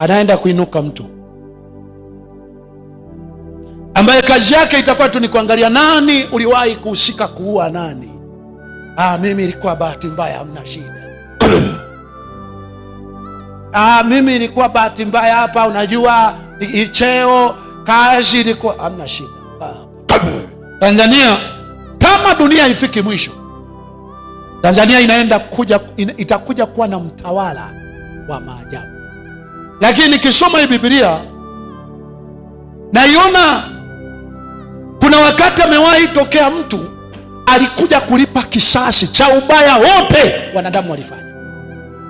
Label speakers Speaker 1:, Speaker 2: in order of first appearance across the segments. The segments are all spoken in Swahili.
Speaker 1: anaenda kuinuka mtu ambaye kazi yake itakuwa tu ni kuangalia nani uliwahi kuhusika kuua nani. Ah, mimi ilikuwa bahati mbaya, hamna shida. Ah, mimi ilikuwa bahati mbaya hapa, unajua icheo, kazi ilikuwa hamna shida. Ah. Tanzania kama dunia ifiki mwisho, Tanzania inaenda kuja, itakuja kuwa na mtawala wa maajabu. Lakini nikisoma hii Biblia naiona kuna wakati amewahi tokea mtu alikuja kulipa kisasi cha ubaya wote wanadamu walifanya.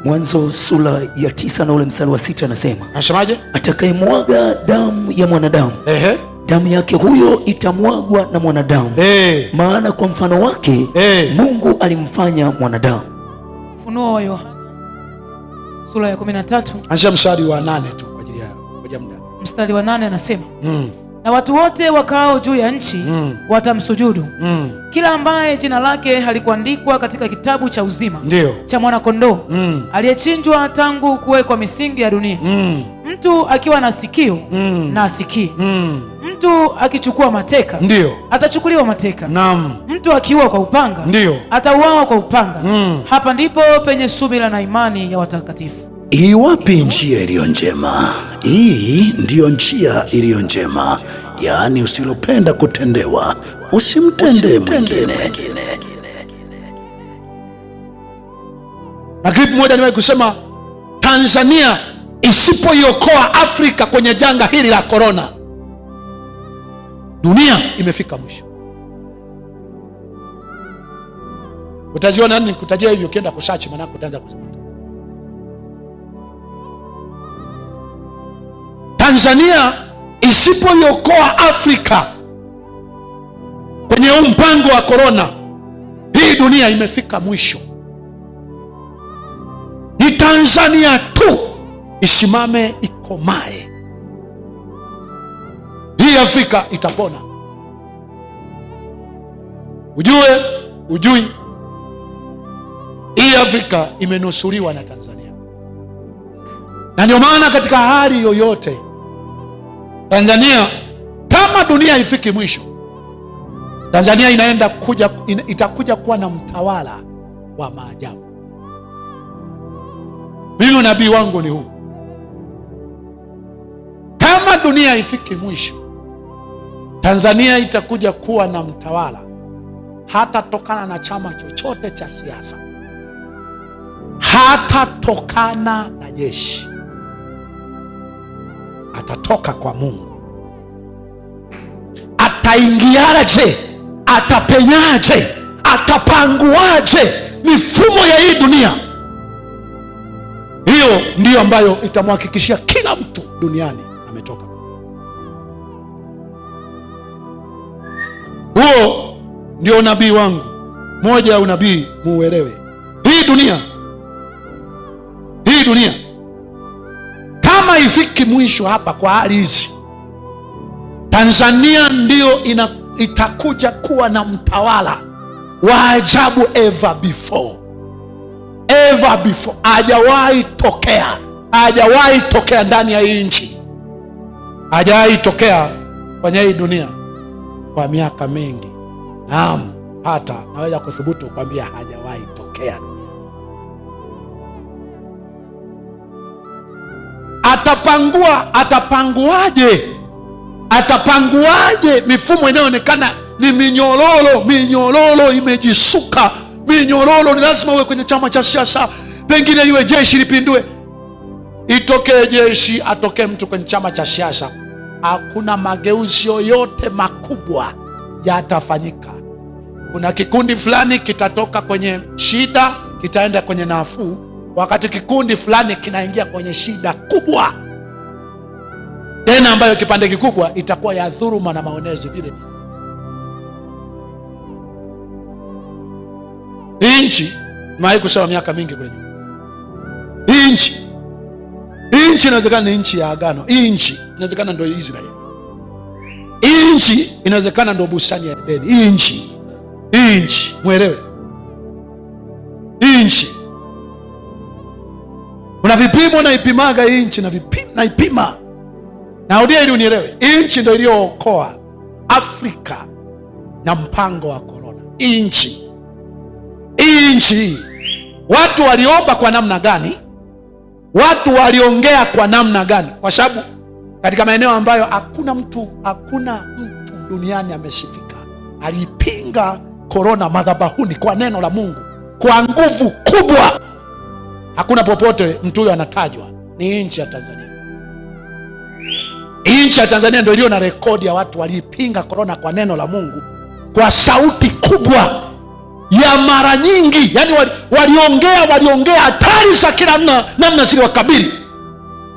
Speaker 2: Mwanzo sura ya tisa na ule msali wa sita anasema, anasemaje? Atakayemwaga damu ya mwanadamu ehe, damu yake huyo itamwagwa na mwanadamu ehe, maana kwa mfano wake ehe, Mungu alimfanya mwanadamu.
Speaker 3: funuo wa Yohana sura ya tatu
Speaker 1: anzia mstari wa nane tu kwa ajili ya
Speaker 3: muda, mstari wa nane anasema mm na watu wote wakao juu ya nchi mm. watamsujudu mm. kila ambaye jina lake halikuandikwa katika kitabu cha uzima Ndiyo. cha mwanakondoo mm. aliyechinjwa tangu kuwekwa misingi ya dunia mm. mtu akiwa na sikio mm. na asikie mm. mtu akichukua mateka Ndiyo. atachukuliwa mateka Naam. mtu akiua kwa upanga atauawa kwa upanga mm. hapa ndipo penye subira na imani ya watakatifu
Speaker 2: hii wapi njia iliyo njema? Hii ndiyo njia iliyo njema, yaani usilopenda kutendewa usimtende mwingine.
Speaker 1: Na clip moja niwahi kusema Tanzania isipoiokoa Afrika kwenye janga hili la korona, dunia imefika mwisho. Utaziona nani Kutajia hivyo, ukienda kusachi manako utaanza Tanzania isipoiokoa Afrika kwenye huu mpango wa korona, hii dunia imefika mwisho. Ni Tanzania tu isimame ikomae, hii Afrika itapona. Ujue ujui, hii Afrika imenusuriwa na Tanzania, na ndio maana katika hali yoyote Tanzania kama dunia haifiki mwisho, Tanzania inaenda kuja, ina, itakuja kuwa na mtawala wa maajabu. Mimi unabii wangu ni huu, kama dunia haifiki mwisho, Tanzania itakuja kuwa na mtawala hatatokana na chama chochote cha siasa, hatatokana na jeshi atatoka kwa Mungu. Ataingiaje? Atapenyaje? Atapanguaje mifumo ya hii dunia? Hiyo ndiyo ambayo itamhakikishia kila mtu duniani ametoka. Huo ndio unabii wangu, moja ya unabii muuelewe. Hii dunia, hii dunia mwisho hapa kwa hali hizi, Tanzania ndiyo ina, itakuja kuwa na mtawala wa ajabu ever before, ever before, hajawahi tokea, hajawahi tokea ndani ya hii nchi, hajawahi tokea kwenye hii dunia kwa miaka mingi. Naam, hata naweza kuthubutu kukwambia hajawahi tokea. atapangua, atapanguaje, atapanguaje mifumo inayoonekana ni minyororo? Minyororo imejisuka, minyororo ni lazima uwe kwenye chama cha siasa, pengine iwe jeshi lipindue, itokee jeshi, atokee mtu kwenye chama cha siasa. Hakuna mageuzi yoyote makubwa yatafanyika. Kuna kikundi fulani kitatoka kwenye shida, kitaenda kwenye nafuu Wakati kikundi fulani kinaingia kwenye shida kubwa tena, ambayo kipande kikubwa itakuwa ya dhuruma na maonezi vile hii nchi. Nimewahi kusema miaka mingi kule nyuma, hii nchi hii nchi inawezekana ni nchi ya agano. Hii nchi inawezekana ndio Israeli. Hii nchi inawezekana ndio bustani ya Edeni. Hii nchi hii nchi mwelewe, hii nchi kuna vipimo naipimaga hii nchi na vipimo naipima, naudia ili unielewe. Hii nchi ndo iliyookoa Afrika na mpango wa korona. Hii nchi hii nchi, watu waliomba kwa namna gani? Watu waliongea kwa namna gani? Kwa sababu katika maeneo ambayo hakuna mtu hakuna mtu duniani amesifika, aliipinga korona madhabahuni kwa neno la Mungu kwa nguvu kubwa. Hakuna popote mtu huyo anatajwa, ni nchi ya Tanzania. Nchi ya Tanzania ndio iliyo na rekodi ya watu waliipinga korona kwa neno la Mungu kwa sauti kubwa ya mara nyingi, yani waliongea waliongea hatari za kila namna, namna zile wakabili,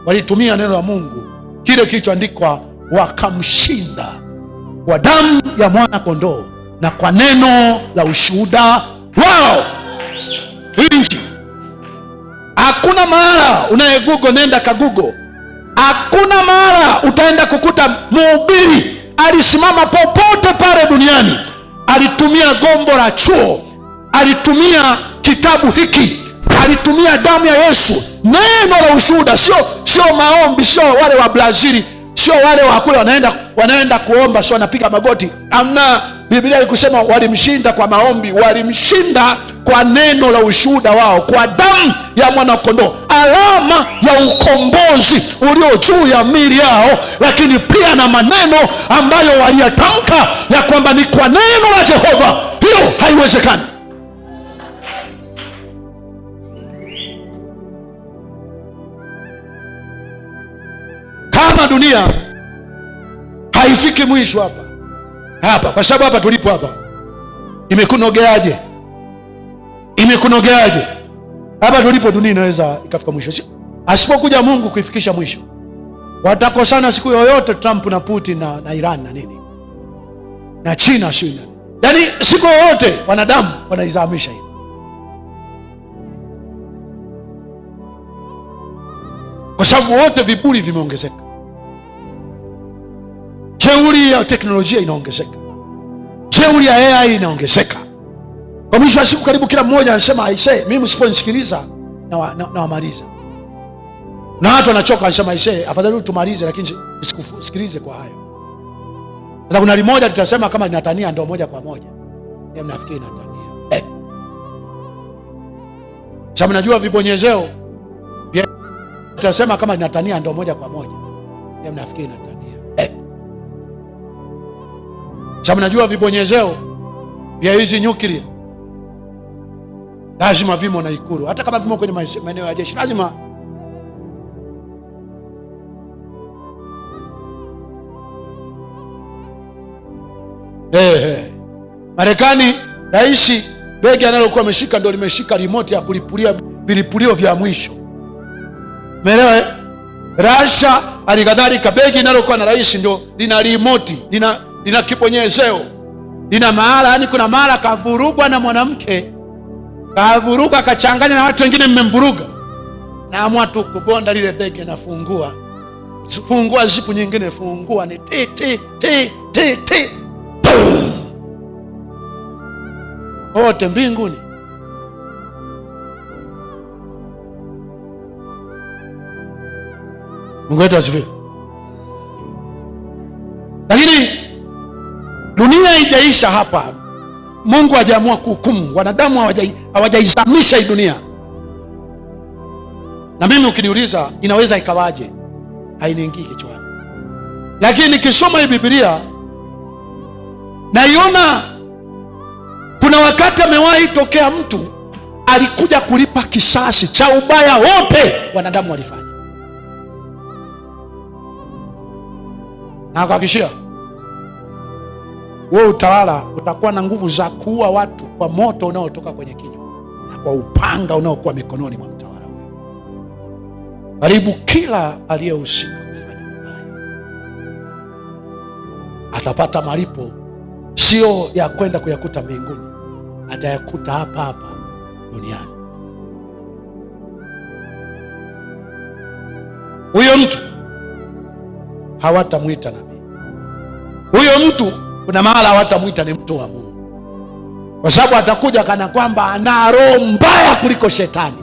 Speaker 1: walitumia neno la Mungu kile kilichoandikwa, wakamshinda kwa damu ya mwana kondoo na kwa neno la ushuhuda wao. hakuna mahala unaye Google, nenda ka Google. Hakuna mahala utaenda kukuta mhubiri alisimama popote pale duniani alitumia gombo la chuo, alitumia kitabu hiki, alitumia damu ya Yesu, neno la ushuhuda, sio sio maombi, sio wale wa Brazili, sio wale wa kule wanaenda wanaenda kuomba, sio wanapiga magoti, amna Biblia ilikusema walimshinda kwa maombi, walimshinda kwa neno la ushuhuda wao, kwa damu ya mwanakondoo, alama ya ukombozi ulio juu ya miili yao, lakini pia na maneno ambayo waliyatamka ya kwamba ni kwa neno la Jehova. Hiyo haiwezekani. Kama dunia haifiki mwisho hapa hapa, kwa sababu hapa tulipo hapa imekunogeaje? Imekunogeaje? hapa tulipo dunia inaweza ikafika mwisho, asipokuja Mungu kuifikisha mwisho. Watakosana siku yoyote Trump na Putin na, na Iran na nini na China sio nini, yaani siku yoyote wanadamu wanaizamisha hii Kwa sababu wote vipuli vimeongezeka jeuri ya teknolojia inaongezeka, jeuri ya AI inaongezeka. Kwa mwisho wa siku, karibu kila mmoja anasema aisee, mimi msiponisikiliza nawamaliza. Na watu wanachoka, wanasema aisee, afadhali tumalize, lakini usikusikilize kwa hayo. Sasa kuna limoja tutasema kama linatania ndo moja kwa moja, mnafikiri inatania eh. Sasa mnajua vibonyezeo tutasema kama linatania ndo moja kwa moja, mnafikiri inatania Sababu najua vibonyezeo vya hizi nyuklia lazima vimo na Ikulu, hata kama vimo kwenye maeneo ya jeshi lazima Hey, hey. Marekani raisi begi analokuwa ameshika ndo limeshika remote ya kulipulia vilipulio vya mwisho, melewe. Eh? Rasha alikadhalika begi inalokuwa na raisi ndo lina remote lina lina kibonyezeo, lina mahala. Yani kuna mahala kavurugwa na mwanamke, kavuruga, kachanganya na watu wengine, mmemvuruga naamua tu kugonda lile bege, nafungua fungua zipu nyingine, fungua ni ti ti ti ti ti wote mbinguni. Mungu wetu asifiwe. haijaisha hapa. Mungu hajaamua kuhukumu, wanadamu hawajaizamisha hii dunia. Na mimi ukiniuliza, inaweza ikawaje, hainiingii kichwani, lakini nikisoma hii Biblia naiona kuna wakati amewahi tokea mtu alikuja kulipa kisasi cha ubaya wote wanadamu walifanya, na kuhakikishia wewe utawala utakuwa na nguvu za kuua watu kwa moto unaotoka kwenye kinywa na kwa upanga unaokuwa mikononi mwa mtawala huyo. Karibu kila aliyehusika kufanya mabaya atapata malipo, sio ya kwenda kuyakuta mbinguni, atayakuta hapa hapa duniani. Huyo mtu hawatamwita nabii, huyo mtu kuna mahala hawatamwita ni mtu wa Mungu, kwa sababu atakuja kana kwamba ana roho mbaya kuliko shetani,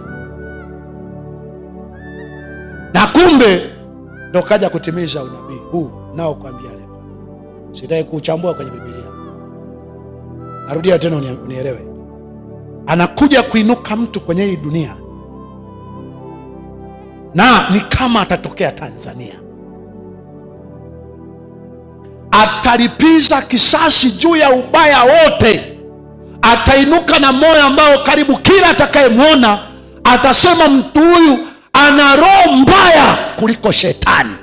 Speaker 1: na kumbe ndo kaja kutimiza unabii huu nao kuambia leo. Sitaki kuchambua kwenye Biblia, narudia tena unielewe. Anakuja kuinuka mtu kwenye hii dunia na ni kama atatokea Tanzania atalipiza kisasi juu ya ubaya wote. Atainuka na moyo ambao karibu kila atakayemwona atasema mtu huyu ana roho mbaya kuliko shetani,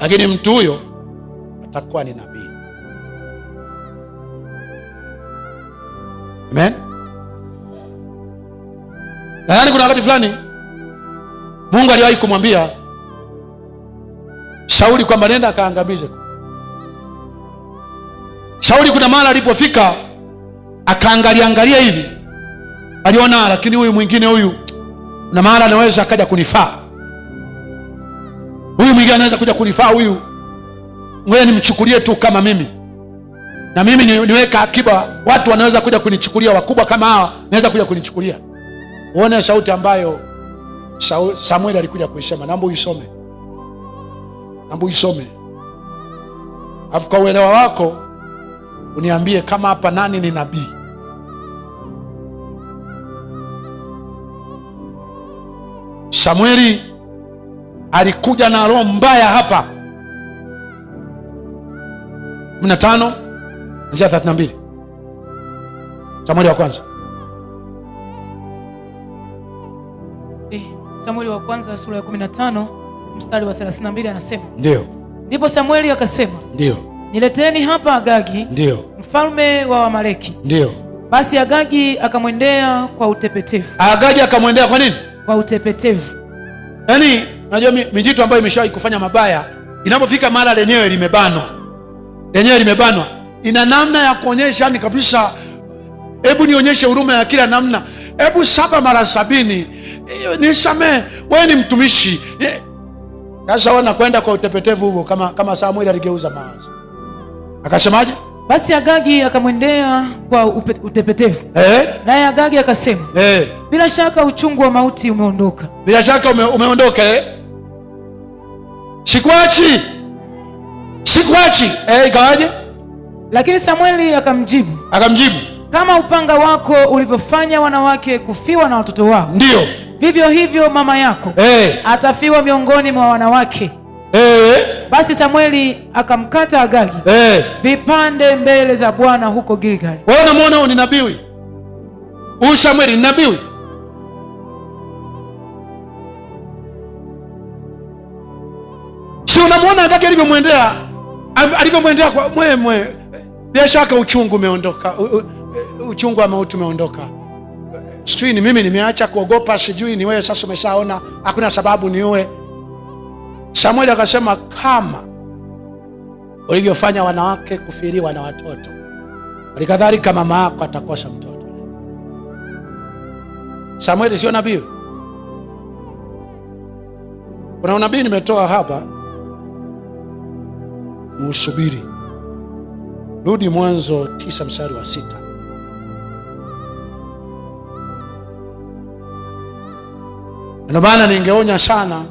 Speaker 1: lakini mtu huyo atakuwa ni nabii. Amen. yani, kuna wakati fulani Mungu aliwahi kumwambia Shauli kwamba nenda akaangamize. Shauli kuna mara alipofika akaangalia angalia hivi, aliona lakini huyu mwingine huyu na mara anaweza akaja kunifaa huyu mwingine anaweza kuja kunifaa huyu, ngoja nimchukulie tu kama mimi na mimi niweka akiba, watu wanaweza kuja kunichukulia, wakubwa kama hawa naweza kuja kunichukulia. Uone sauti ambayo Samueli alikuja kuisema, naomba uisome na muisome, alafu kwa uelewa wako uniambie kama hapa nani ni nabii. Samueli alikuja na roho mbaya hapa 15 njia 32 Samueli wa kwanza
Speaker 3: eh, Samueli wa kwanza sura ya 15 mstari wa 32 anasema ndio. Ndipo Samueli akasema ndio, nileteni hapa Agagi ndio, mfalme wa Wamaleki ndio. Basi Agagi akamwendea kwa utepetevu.
Speaker 1: Agagi akamwendea kwa nini?
Speaker 3: Kwa utepetevu.
Speaker 1: Yaani, najua mijitu ambayo imeshawahi kufanya mabaya inapofika mara lenyewe limebanwa, lenyewe limebanwa, ina namna ya kuonyesha ni yaani kabisa, hebu nionyeshe huruma ya kila namna, hebu saba mara sabini nisamee, wewe ni mtumishi sasa wanakwenda kwa utepetevu huo, kama kama Samueli aligeuza mawazo akasemaje?
Speaker 3: Basi Agagi akamwendea kwa upe, utepetevu eh? Naye Agagi akasema eh? Bila shaka uchungu wa mauti umeondoka,
Speaker 1: bila shaka ume, umeondoka eh? Sikwachi, sikwachi eh, ikawaje?
Speaker 3: Lakini Samueli akamjibu akamjibu, kama upanga wako ulivyofanya wanawake kufiwa na watoto wao, ndio vivyo hivyo mama yako hey, eh. atafiwa miongoni mwa wanawake hey. Eh. Basi Samueli akamkata Agagi hey, eh. vipande mbele za Bwana huko Gilgali.
Speaker 1: Wewe unamwona huyu ni nabii? Huyu Samueli ni nabii? Si unamwona Agagi alivyomwendea alivyomwendea kwa mwe mwe, bila shaka uchungu umeondoka, uchungu wa mauti umeondoka sijui ni mimi nimeacha kuogopa, sijui ni wewe sasa umeshaona hakuna sababu niue. Samueli akasema kama ulivyofanya wanawake kufiriwa na watoto, alikadhalika mama yako atakosa mtoto. Samueli sio nabii? Kuna unabii nimetoa hapa, muusubiri. Rudi Mwanzo tisa mstari wa sita. Ndio maana ningeonya sana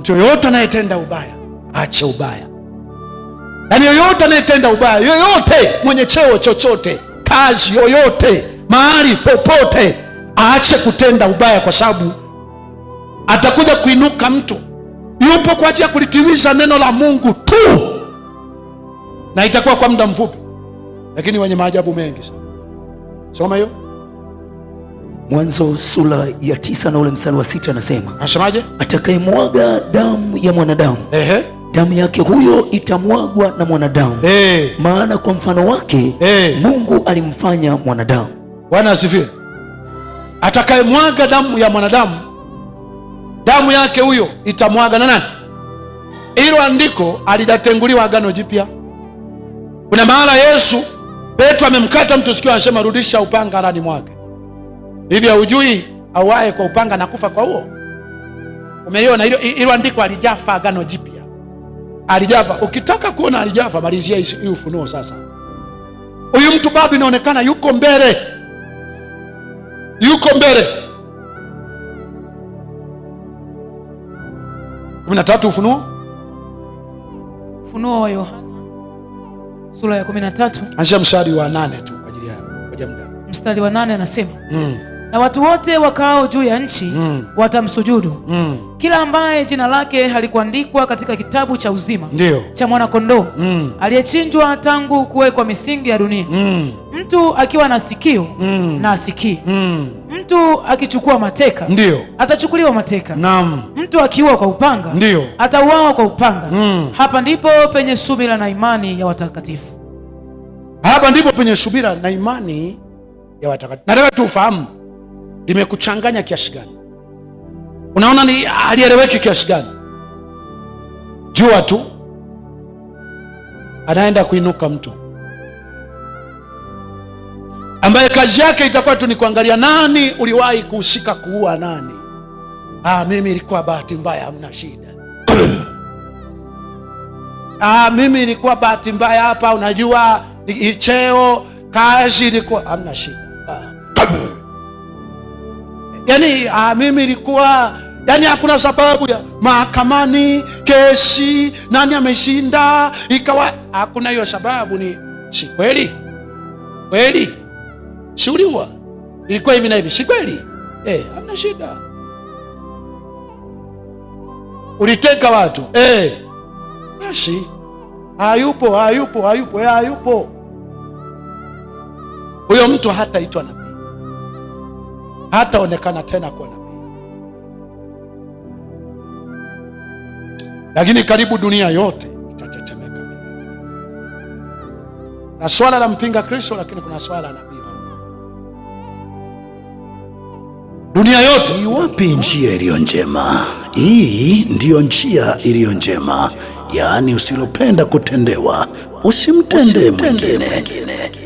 Speaker 1: mtu yoyote anayetenda ubaya, ache ubaya. Yaani yoyote anayetenda ubaya, yoyote mwenye cheo chochote, kazi yoyote, mahali popote, aache kutenda ubaya, kwa sababu atakuja kuinuka mtu yupo kwa ajili ya kulitimiza neno la Mungu tu, na itakuwa kwa muda mfupi, lakini wenye maajabu mengi sana. Soma hiyo.
Speaker 2: Mwanzo sura ya tisa na ule mstari wa sita anasema, anasemaje? Atakayemwaga damu ya mwanadamu ehe damu yake huyo itamwagwa na mwanadamu ehe, Maana kwa mfano wake ehe, Mungu alimfanya mwanadamu.
Speaker 1: Bwana asifiwe. Atakayemwaga damu ya mwanadamu, damu yake huyo itamwaga na nani? Hilo andiko alijatenguliwa Agano Jipya. Kuna mahala Yesu Petro amemkata mtu sikio, anasema rudisha upanga alani mwake hivi haujui auaye kwa upanga na kufa kwa huo? Umeiona hilo andiko? Alijafa Agano Jipya, alijafa. Ukitaka kuona alijafa, malizia hii Ufunuo. Sasa huyu mtu bado inaonekana yuko mbele, yuko mbele. kumi na tatu Ufunuo,
Speaker 3: Ufunuo wa Yohana sura ya kumi na tatu
Speaker 1: anzia mstari wa nane tu kwa ajili ya
Speaker 3: muda. Mstari wa nane anasema mm na watu wote wakao juu ya nchi mm. watamsujudu mm. kila ambaye jina lake halikuandikwa katika kitabu cha uzima Ndiyo. cha mwanakondoo mm. aliyechinjwa tangu kuwekwa misingi ya dunia mm. mtu akiwa na sikio mm. na asikii mm. mtu akichukua mateka Ndiyo. atachukuliwa mateka Naam. mtu akiua kwa upanga Ndiyo. atauawa kwa upanga mm. hapa ndipo penye subira na imani ya watakatifu
Speaker 1: hapa ndipo penye subira na imani ya watakatifu nataka tufahamu limekuchanganya kiasi gani? Unaona ni alieleweki kiasi gani? Jua tu anaenda kuinuka mtu ambaye kazi yake itakuwa tu ni kuangalia nani uliwahi kuhusika kuua nani. Ah, mimi ilikuwa bahati mbaya, hamna shida. Ah, mimi ilikuwa bahati mbaya hapa, unajua icheo kazi ilikuwa, hamna shida ah. yani ah, mimi ilikuwa yani hakuna sababu ya mahakamani kesi, nani ameshinda, ikawa hakuna hiyo sababu. Ni si kweli kweli, siuliwa ilikuwa hivi na hivi, si kweli eh? Hamna shida, uliteka watu eh, basi hayupo hayupo hayupo eh, hayupo, huyo mtu hataitwa na hataonekana tena kwa nabii. Lakini karibu dunia yote itatetemeka na swala la mpinga Kristo, lakini kuna swala la nabii. Dunia yote
Speaker 2: iwapi njia iliyo njema? Hii ndiyo njia iliyo njema, yaani usilopenda kutendewa usimtendee mwingine.